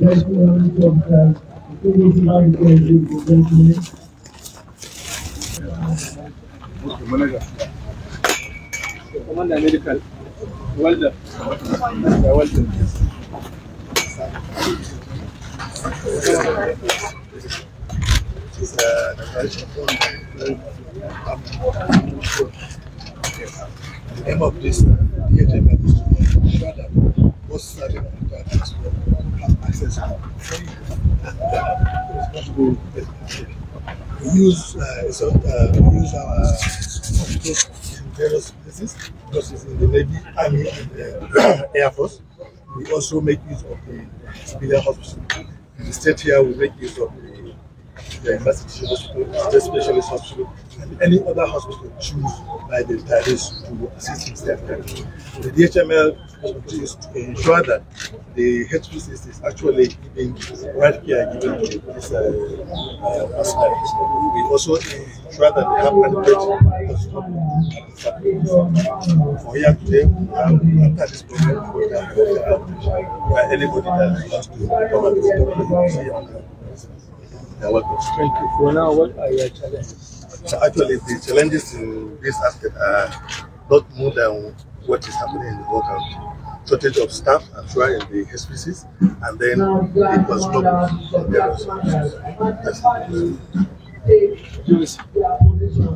Let's Commander Medical. welcome. Welcome. Well of this use uh, so, uh, use our uh, in various places because it's in the Navy, Army, and Air Force. We also make use of the civilian hospital. In the state here, we make use of the university specialist hospital, and any other hospital choose by the retirees to assist in their The DHML is to ensure that the HPCs is actually giving right care given to this uh, uh, We also ensure that they have adequate hospital for here today, um, after this program, we can go anybody that wants to come and see on Thank you. For now, what are your challenges? So Actually, the challenges in this aspect are not more than what is happening in the whole country. Shortage of staff and trying the HPCs, and then it was stopped. Yes.